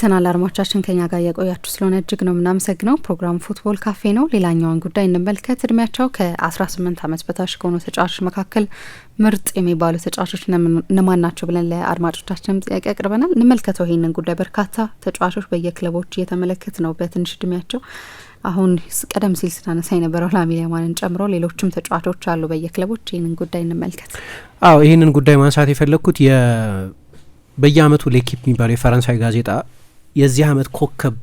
ተመልሰናል። አድማጮቻችን ከኛ ጋር የቆያችሁ ስለሆነ እጅግ ነው የምናመሰግነው። ፕሮግራም ፉትቦል ካፌ ነው። ሌላኛውን ጉዳይ እንመልከት። እድሜያቸው ከ18 ዓመት በታች ከሆኑ ተጫዋቾች መካከል ምርጥ የሚባሉ ተጫዋቾች እነማን ናቸው ብለን ለአድማጮቻችንም ጥያቄ አቅርበናል። እንመልከተው ይህንን ጉዳይ። በርካታ ተጫዋቾች በየክለቦች እየተመለከት ነው በትንሽ እድሜያቸው አሁን ቀደም ሲል ስናነሳ የነበረው ላሚን ያማልን ጨምሮ ሌሎችም ተጫዋቾች አሉ በየክለቦች። ይህንን ጉዳይ እንመልከት። አዎ ይህንን ጉዳይ ማንሳት የፈለግኩት በየአመቱ ሌኪፕ የሚባለው የፈረንሳይ ጋዜጣ የዚህ አመት ኮከብ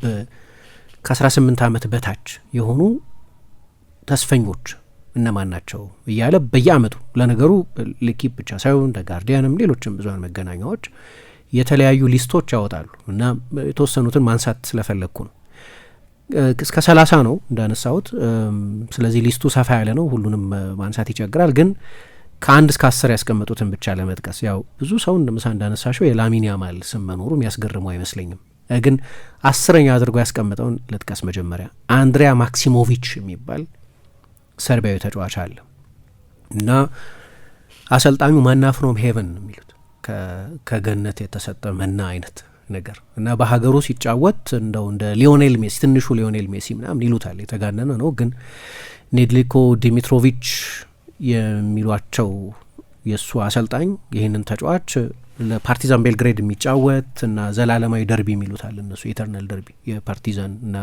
ከ18 ዓመት በታች የሆኑ ተስፈኞች እነማን ናቸው እያለ በየአመቱ ለነገሩ ልኪፕ ብቻ ሳይሆን ደ ጋርዲያንም ሌሎችም ብዙሀን መገናኛዎች የተለያዩ ሊስቶች ያወጣሉ እና የተወሰኑትን ማንሳት ስለፈለግኩ ነው። እስከ ሰላሳ ነው እንዳነሳሁት። ስለዚህ ሊስቱ ሰፋ ያለ ነው፣ ሁሉንም ማንሳት ይቸግራል። ግን ከአንድ እስከ አስር ያስቀመጡትን ብቻ ለመጥቀስ ያው ብዙ ሰው እንደምሳ እንዳነሳሸው የላሚን ያማል ስም መኖሩ የሚያስገርመው አይመስለኝም። ግን አስረኛ አድርጎ ያስቀምጠውን ልጥቀስ። መጀመሪያ አንድሪያ ማክሲሞቪች የሚባል ሰርቢያዊ ተጫዋች አለ እና አሰልጣኙ መና ፍሮም ሄቨን የሚሉት ከገነት የተሰጠ መና አይነት ነገር እና በሀገሩ ሲጫወት እንደው እንደ ሊዮኔል ሜሲ ትንሹ ሊዮኔል ሜሲ ምናምን ይሉታል። የተጋነነ ነው ግን ኔድሊኮ ዲሚትሮቪች የሚሏቸው የእሱ አሰልጣኝ ይህንን ተጫዋች ለፓርቲዛን ቤልግሬድ የሚጫወት እና ዘላለማዊ ደርቢ የሚሉታል እነሱ ኢተርናል ደርቢ የፓርቲዛን እና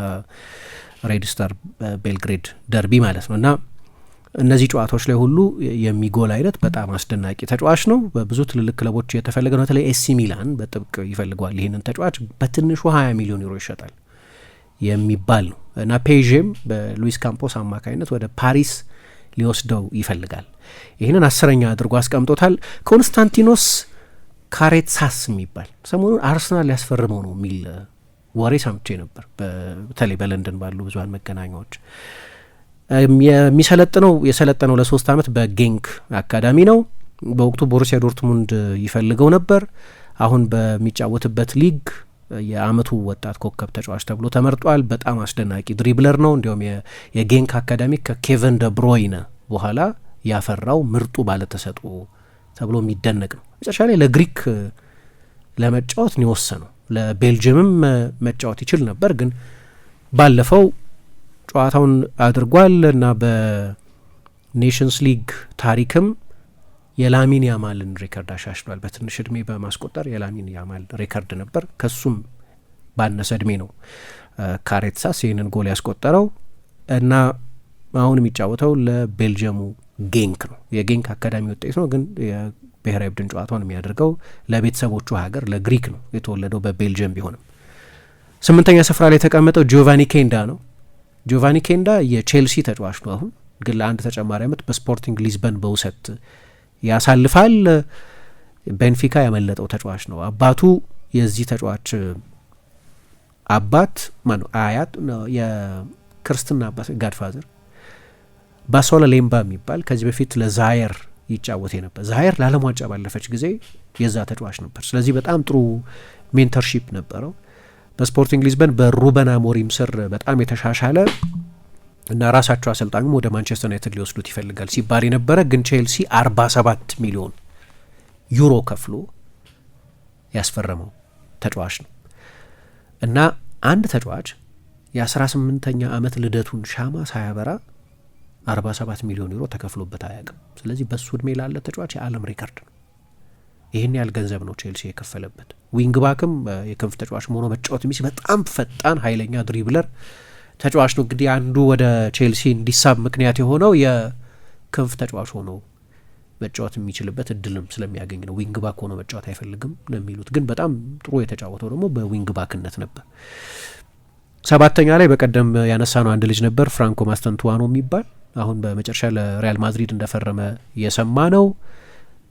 ሬድ ስታር ቤልግሬድ ደርቢ ማለት ነው እና እነዚህ ጨዋታዎች ላይ ሁሉ የሚጎል አይነት በጣም አስደናቂ ተጫዋች ነው። በብዙ ትልልቅ ክለቦች የተፈለገ ነው። በተለይ ኤሲ ሚላን በጥብቅ ይፈልገዋል። ይህንን ተጫዋች በትንሹ ሀያ ሚሊዮን ዩሮ ይሸጣል የሚባል ነው እና ፔዤም በሉዊስ ካምፖስ አማካኝነት ወደ ፓሪስ ሊወስደው ይፈልጋል። ይህንን አስረኛ አድርጎ አስቀምጦታል። ኮንስታንቲኖስ ካሬት ሳስ የሚባል ሰሞኑን አርሰናል ሊያስፈርመው ነው የሚል ወሬ ሰምቼ ነበር። በተለይ በለንደን ባሉ ብዙሀን መገናኛዎች የሚሰለጥነው የሰለጠነው ለሶስት አመት በጌንክ አካዳሚ ነው። በወቅቱ ቦሩሲያ ዶርትሙንድ ይፈልገው ነበር። አሁን በሚጫወትበት ሊግ የአመቱ ወጣት ኮከብ ተጫዋች ተብሎ ተመርጧል። በጣም አስደናቂ ድሪብለር ነው። እንዲሁም የጌንክ አካዳሚ ከኬቨን ደብሮይነ በኋላ ያፈራው ምርጡ ባለተሰጥኦ ተብሎ የሚደነቅ ነው። መጨረሻ ላይ ለግሪክ ለመጫወት ነው የወሰነው። ለቤልጅየምም መጫወት ይችል ነበር፣ ግን ባለፈው ጨዋታውን አድርጓል እና በኔሽንስ ሊግ ታሪክም የላሚን ያማልን ሬከርድ አሻሽሏል። በትንሽ እድሜ በማስቆጠር የላሚን ያማል ሬከርድ ነበር። ከሱም ባነሰ እድሜ ነው ካሬትሳስ ይህንን ጎል ያስቆጠረው እና አሁን የሚጫወተው ለቤልጅየሙ ጌንክ ነው። የጌንክ አካዳሚ ውጤት ነው ግን የብሔራዊ ቡድን ጨዋታውን የሚያደርገው ለቤተሰቦቹ ሀገር ለግሪክ ነው። የተወለደው በቤልጅየም ቢሆንም ስምንተኛ ስፍራ ላይ የተቀመጠው ጂዮቫኒ ኬንዳ ነው። ጂዮቫኒ ኬንዳ የቼልሲ ተጫዋች ነው። አሁን ግን ለአንድ ተጨማሪ ዓመት በስፖርቲንግ ሊዝበን በውሰት ያሳልፋል። ቤንፊካ ያመለጠው ተጫዋች ነው። አባቱ የዚህ ተጫዋች አባት ማነው? አያት የክርስትና አባት ጋድፋዘር ባሶለ ሌምባ የሚባል ከዚህ በፊት ለዛየር ይጫወት ነበር። ዛየር ለዓለም ዋንጫ ባለፈች ጊዜ የዛ ተጫዋች ነበር። ስለዚህ በጣም ጥሩ ሜንተርሺፕ ነበረው። በስፖርቲንግ ሊዝበን በሩበን አሞሪም ስር በጣም የተሻሻለ እና ራሳቸው አሰልጣኙም ወደ ማንቸስተር ዩናይትድ ሊወስዱት ይፈልጋል ሲባል የነበረ ግን ቼልሲ 47 ሚሊዮን ዩሮ ከፍሎ ያስፈረመው ተጫዋች ነው እና አንድ ተጫዋች የ18ኛ ዓመት ልደቱን ሻማ ሳያበራ 47 ሚሊዮን ዩሮ ተከፍሎበት አያውቅም። ስለዚህ በሱ እድሜ ላለ ተጫዋች የዓለም ሪከርድ ነው። ይህን ያህል ገንዘብ ነው ቼልሲ የከፈለበት። ዊንግ ባክም የክንፍ ተጫዋች መሆኖ መጫወት የሚችል በጣም ፈጣን ኃይለኛ ድሪብለር ተጫዋች ነው። እንግዲህ አንዱ ወደ ቼልሲ እንዲሳብ ምክንያት የሆነው የክንፍ ተጫዋች ሆኖ መጫወት የሚችልበት እድልም ስለሚያገኝ ነው። ዊንግ ባክ ሆኖ መጫወት አይፈልግም ነው የሚሉት። ግን በጣም ጥሩ የተጫወተው ደግሞ በዊንግ ባክነት ነበር። ሰባተኛ ላይ በቀደም ያነሳ ነው አንድ ልጅ ነበር ፍራንኮ ማስተንቱዋኖ የሚባል አሁን በመጨረሻ ለሪያል ማድሪድ እንደፈረመ የሰማ ነው።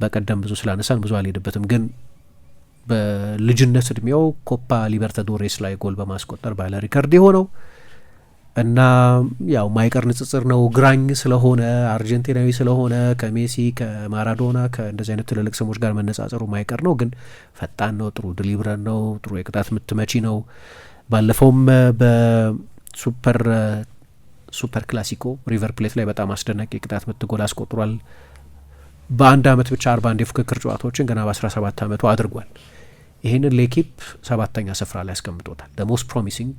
በቀደም ብዙ ስላነሳን ብዙ አልሄድበትም፣ ግን በልጅነት እድሜው ኮፓ ሊበርታዶሬስ ላይ ጎል በማስቆጠር ባለ ሪከርድ የሆነው እና ያው ማይቀር ንጽጽር ነው። ግራኝ ስለሆነ አርጀንቲናዊ ስለሆነ ከሜሲ ከማራዶና ከእንደዚህ አይነት ትልልቅ ስሞች ጋር መነጻጸሩ ማይቀር ነው። ግን ፈጣን ነው፣ ጥሩ ድሊብረን ነው፣ ጥሩ የቅጣት ምት መቺ ነው። ባለፈውም በሱፐር ሱፐር ክላሲኮ ሪቨር ፕሌት ላይ በጣም አስደናቂ ቅጣት ምት ጎል አስቆጥሯል። በአንድ አመት ብቻ አርባ አንድ የፉክክር ጨዋታዎችን ገና በአስራ ሰባት አመቱ አድርጓል። ይህንን ለኪፕ ሰባተኛ ስፍራ ላይ ያስቀምጦታል። ለሞስት ፕሮሚሲንግ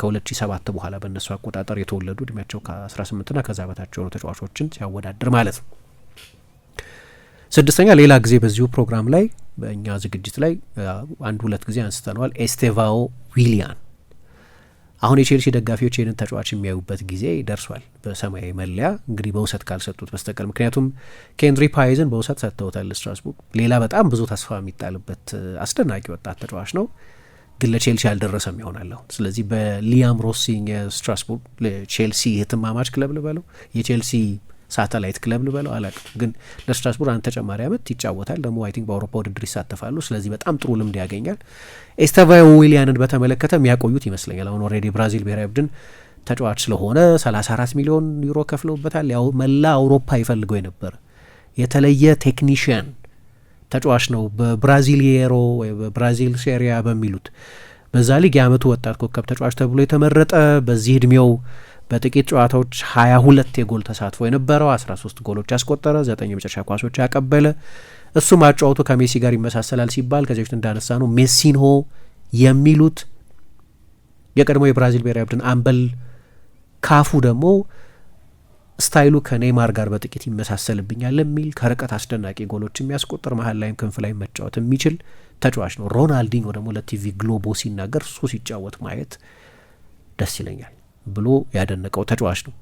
ከ ሰባት በኋላ በእነሱ አቆጣጠር የተወለዱ እድሜያቸው ከ18ና ከዛ በታቸው የሆኑ ተጫዋቾችን ሲያወዳድር ማለት ነው። ስድስተኛ ሌላ ጊዜ በዚሁ ፕሮግራም ላይ በእኛ ዝግጅት ላይ አንድ ሁለት ጊዜ አንስተነዋል። ኤስቴቫኦ ዊሊያን አሁን የቼልሲ ደጋፊዎች ይህንን ተጫዋች የሚያዩበት ጊዜ ደርሷል፣ በሰማያዊ መለያ እንግዲህ በውሰት ካልሰጡት በስተቀር ምክንያቱም ኬንድሪ ፓይዝን በውሰት ሰጥተውታል ስትራስቡርግ። ሌላ በጣም ብዙ ተስፋ የሚጣልበት አስደናቂ ወጣት ተጫዋች ነው፣ ግን ለቼልሲ አልደረሰም ይሆናለሁ። ስለዚህ በሊያም ሮሲኝ ስትራስቡርግ ቼልሲ የትማማች ክለብ ልበለው የቼልሲ ሳተላይት ክለብ ልበለው አላውቅም፣ ግን ለስትራስቡር አንድ ተጨማሪ አመት ይጫወታል። ደግሞ አይ ቲንክ በአውሮፓ ውድድር ይሳተፋሉ። ስለዚህ በጣም ጥሩ ልምድ ያገኛል። ኤስተቫዮ ዊሊያንን በተመለከተ የሚያቆዩት ይመስለኛል። አሁን ኦልሬዲ ብራዚል ብሔራዊ ቡድን ተጫዋች ስለሆነ 34 ሚሊዮን ዩሮ ከፍለውበታል። ያው መላ አውሮፓ ይፈልገው የነበረ የተለየ ቴክኒሽያን ተጫዋች ነው። በብራዚሊየሮ ወይ በብራዚል ሴሪያ በሚሉት በዛ ሊግ የአመቱ ወጣት ኮከብ ተጫዋች ተብሎ የተመረጠ በዚህ እድሜው በጥቂት ጨዋታዎች ሁለት የጎል ተሳትፎ የነበረው ሶስት ጎሎች ያስቆጠረ፣ ዘጠኝ የመጨረሻ ኳሶች ያቀበለ እሱ ማጫወቱ ከሜሲ ጋር ይመሳሰላል ሲባል ከዚህ በፊት እንዳነሳ ነው ሜሲንሆ የሚሉት የቀድሞ የብራዚል ብሔራዊ ቡድን አምበል ካፉ ደግሞ ስታይሉ ከኔይማር ጋር በጥቂት ይመሳሰልብኛል የሚል ከርቀት አስደናቂ ጎሎች የሚያስቆጥር መሀል ላይም ክንፍ ላይ መጫወት የሚችል ተጫዋች ነው። ሮናልዲኞ ደግሞ ለቲቪ ግሎቦ ሲናገር እሱ ሲጫወት ማየት ደስ ይለኛል። ብሎ ያደነቀው ተጫዋች ነው።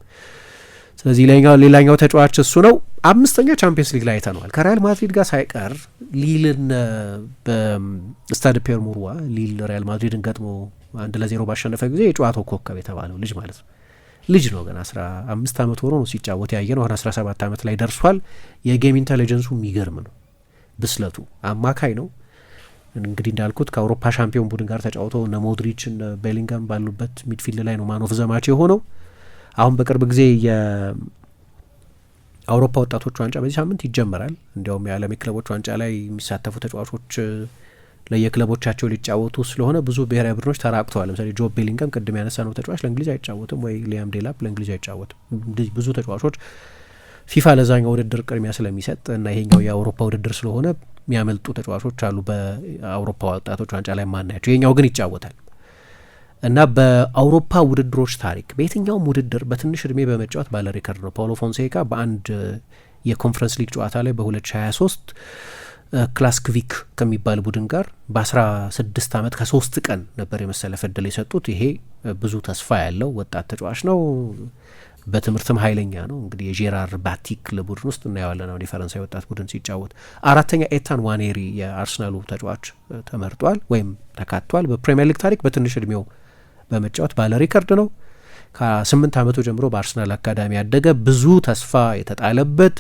ስለዚህ ሌላኛው ተጫዋች እሱ ነው። አምስተኛ ቻምፒየንስ ሊግ ላይ አይተነዋል። ከሪያል ማድሪድ ጋር ሳይቀር ሊልን በስታድ ፔር ሙርዋ ሊል ሪያል ማድሪድን ገጥሞ አንድ ለዜሮ ባሸነፈ ጊዜ የጨዋታው ኮከብ የተባለው ልጅ ማለት ነው። ልጅ ነው ግን አስራ አምስት ዓመት ሆኖ ነው ሲጫወት ያየ ነው። አሁን አስራ ሰባት ዓመት ላይ ደርሷል። የጌም ኢንቴሊጀንሱ የሚገርም ነው። ብስለቱ አማካይ ነው። እንግዲህ እንዳልኩት ከአውሮፓ ሻምፒዮን ቡድን ጋር ተጫውቶ እነ ሞድሪች እነ ቤሊንጋም ባሉበት ሚድፊልድ ላይ ነው ማኖፍ ዘማች የሆነው። አሁን በቅርብ ጊዜ የአውሮፓ ወጣቶች ዋንጫ በዚህ ሳምንት ይጀመራል። እንዲያውም የዓለም የክለቦች ዋንጫ ላይ የሚሳተፉ ተጫዋቾች ለየክለቦቻቸው ሊጫወቱ ስለሆነ ብዙ ብሔራዊ ቡድኖች ተራቅተዋል። ለምሳሌ ጆብ ቤሊንጋም ቅድም ያነሳ ነው ተጫዋች ለእንግሊዝ አይጫወትም ወይ ሊያም ዴላፕ ለእንግሊዝ አይጫወትም። ብዙ ተጫዋቾች ፊፋ ለዛኛው ውድድር ቅድሚያ ስለሚሰጥ እና ይሄኛው የአውሮፓ ውድድር ስለሆነ የሚያመልጡ ተጫዋቾች አሉ። በአውሮፓ ወጣቶች ዋንጫ ላይ ማናያቸው የኛው ግን ይጫወታል እና በአውሮፓ ውድድሮች ታሪክ በየትኛውም ውድድር በትንሽ እድሜ በመጫወት ባለ ሪከርድ ነው። ፓውሎ ፎንሴካ በአንድ የኮንፈረንስ ሊግ ጨዋታ ላይ በ2023 ክላስክቪክ ከሚባል ቡድን ጋር በ16 ዓመት ከሶስት ቀን ነበር የመሰለፍ እድል የሰጡት። ይሄ ብዙ ተስፋ ያለው ወጣት ተጫዋች ነው። በትምህርትም ኃይለኛ ነው። እንግዲህ የጄራር ባቲክ ለቡድን ውስጥ እናየዋለን። አሁን የፈረንሳይ ወጣት ቡድን ሲጫወት አራተኛ ኤታን ዋኔሪ የአርሰናሉ ተጫዋች ተመርጧል ወይም ተካቷል። በፕሪምየር ሊግ ታሪክ በትንሽ እድሜው በመጫወት ባለ ሪከርድ ነው። ከስምንት ዓመቱ ጀምሮ በአርሰናል አካዳሚ ያደገ ብዙ ተስፋ የተጣለበት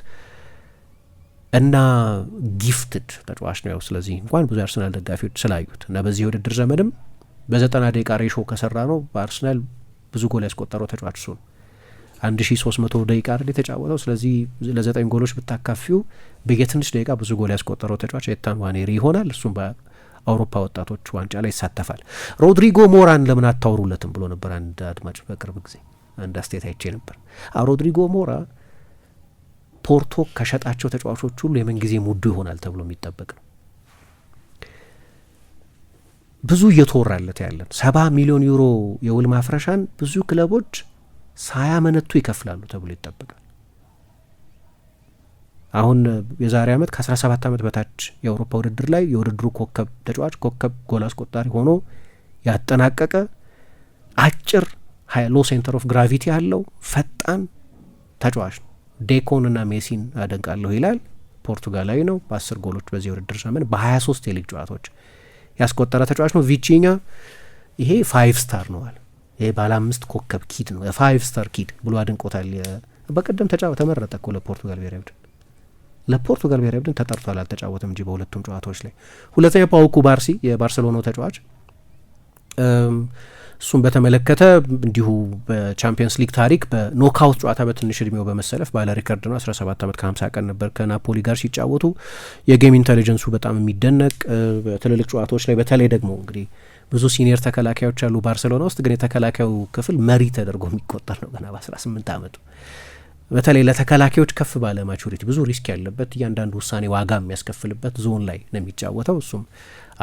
እና ጊፍትድ ተጫዋች ነው። ያው ስለዚህ እንኳን ብዙ የአርሰናል ደጋፊዎች ስላዩት እና በዚህ ውድድር ዘመንም በዘጠና ደቂቃ ሬሾ ከሰራ ነው በአርሰናል ብዙ ጎል ያስቆጠረው ተጫዋች እሱ ነው። አንድ ሺ መቶ ደቂቃ አይደል የተጫወተው። ስለዚህ ለዘጠኝ ጎሎች ብታካፊው በየትንሽ ደቂቃ ብዙ ጎል ያስቆጠረው ተጫዋች ኤታን ዋኔሪ ይሆናል። እሱም በአውሮፓ ወጣቶች ዋንጫ ላይ ይሳተፋል። ሮድሪጎ ሞራን ለምን አታውሩለትም ብሎ ነበር አንድ አድማጭ በቅርብ ጊዜ አንድ አስተያየት አይቼ ነበር። ሮድሪጎ ሞራ ፖርቶ ከሸጣቸው ተጫዋቾች ሁሉ የምንጊዜ ሙዱ ይሆናል ተብሎ የሚጠበቅ ነው። ብዙ እየተወራለት ያለን ሰባ ሚሊዮን ዩሮ የውል ማፍረሻን ብዙ ክለቦች ሳያመነቱ ይከፍላሉ ተብሎ ይጠበቃል። አሁን የዛሬ ዓመት ከ17 ዓመት በታች የአውሮፓ ውድድር ላይ የውድድሩ ኮከብ ተጫዋች ኮከብ ጎል አስቆጣሪ ሆኖ ያጠናቀቀ አጭር ሎ ሴንተር ኦፍ ግራቪቲ ያለው ፈጣን ተጫዋች ነው። ዴኮን ሜሲን አደንቃለሁ ይላል። ፖርቱጋላዊ ነው በአስር ጎሎች በዚህ ውድድር ዘመን በ23 የሊግ ጨዋታዎች ያስቆጠረ ተጫዋች ነው። ቪቺኛ ይሄ ፋይቭ ስታር ነዋል። ይሄ ባለ አምስት ኮከብ ኪድ ነው የፋይቭ ስታር ኪድ ብሎ አድንቆታል። በቀደም ተጫወ ተመረጠ እኮ ለፖርቱጋል ብሔራዊ ቡድን ለፖርቱጋል ብሔራዊ ቡድን ተጠርቷል። አልተጫወትም እንጂ በሁለቱም ጨዋታዎች ላይ። ሁለተኛ ፓው ኩባርሲ የባርሴሎናው ተጫዋች እሱን በተመለከተ እንዲሁ በቻምፒየንስ ሊግ ታሪክ በኖካውት ጨዋታ በትንሽ እድሜው በመሰለፍ ባለ ሪከርድ ነው። 17 ዓመት ከ50 ቀን ነበር ከናፖሊ ጋር ሲጫወቱ። የጌም ኢንቴሊጀንሱ በጣም የሚደነቅ በትልልቅ ጨዋታዎች ላይ በተለይ ደግሞ እንግዲህ ብዙ ሲኒየር ተከላካዮች አሉ ባርሴሎና ውስጥ። ግን የተከላካዩ ክፍል መሪ ተደርጎ የሚቆጠር ነው ገና በአስራ ስምንት ዓመቱ። በተለይ ለተከላካዮች ከፍ ባለ ማቹሪቲ ብዙ ሪስክ ያለበት እያንዳንዱ ውሳኔ ዋጋ የሚያስከፍልበት ዞን ላይ ነው የሚጫወተው። እሱም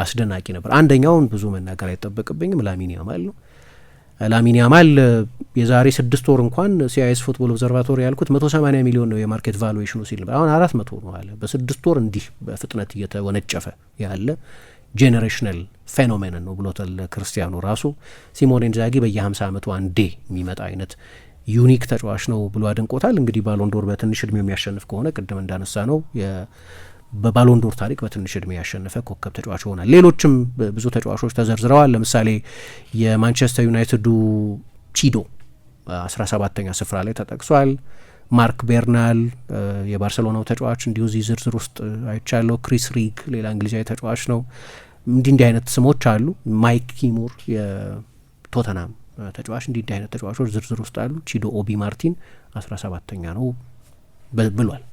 አስደናቂ ነበር። አንደኛውን ብዙ መናገር አይጠበቅብኝም ላሚን ያማል ነው። ላሚን ያማል የዛሬ ስድስት ወር እንኳን ሲአይኤስ ፉትቦል ኦብዘርቫቶሪ ያልኩት መቶ ሰማኒያ ሚሊዮን ነው የማርኬት ቫሉዌሽኑ ሲል አሁን አራት መቶ ነው አለ። በስድስት ወር እንዲህ በፍጥነት እየተወነጨፈ ያለ ጄኔሬሽናል ፌኖሜንን ነው ብሎታል ክርስቲያኑ ራሱ። ሲሞኔ ኢንዛጊ በየ50 ዓመቱ አንዴ የሚመጣ አይነት ዩኒክ ተጫዋች ነው ብሎ አድንቆታል። እንግዲህ ባሎንዶር በትንሽ እድሜ የሚያሸንፍ ከሆነ ቅድም እንዳነሳ ነው በባሎንዶር ታሪክ በትንሽ እድሜ ያሸነፈ ኮከብ ተጫዋች ይሆናል። ሌሎችም ብዙ ተጫዋቾች ተዘርዝረዋል። ለምሳሌ የማንቸስተር ዩናይትዱ ቺዶ አስራ ሰባተኛ ስፍራ ላይ ተጠቅሷል። ማርክ ቤርናል የባርሰሎናው ተጫዋች እንዲሁ እዚህ ዝርዝር ውስጥ አይቻለው። ክሪስ ሪግ ሌላ እንግሊዛዊ ተጫዋች ነው። እንዲህ እንዲህ አይነት ስሞች አሉ። ማይክ ኪሙር የቶተናም ተጫዋች እንዲህ እንዲህ አይነት ተጫዋቾች ዝርዝር ውስጥ አሉ። ቺዶ ኦቢ ማርቲን አስራ ሰባተኛ ነው ብሏል።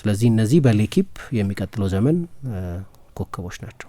ስለዚህ እነዚህ በሌኪፕ የሚቀጥለው ዘመን ኮከቦች ናቸው።